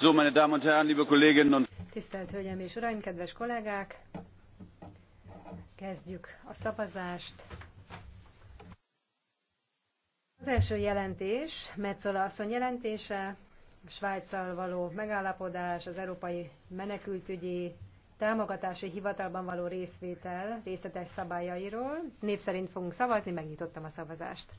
so meine damen und herren liebe kolleginnen und kollegen! Tisztelt Hölgyeim és Uraim, kedves kollégák! Kezdjük a szavazást. Az első jelentés, Metzola asszony jelentése, Svájccal való megállapodás, az Európai Menekültügyi Támogatási Hivatalban való részvétel részletes szabályairól. Név szerint fogunk szavazni, megnyitottam a szavazást.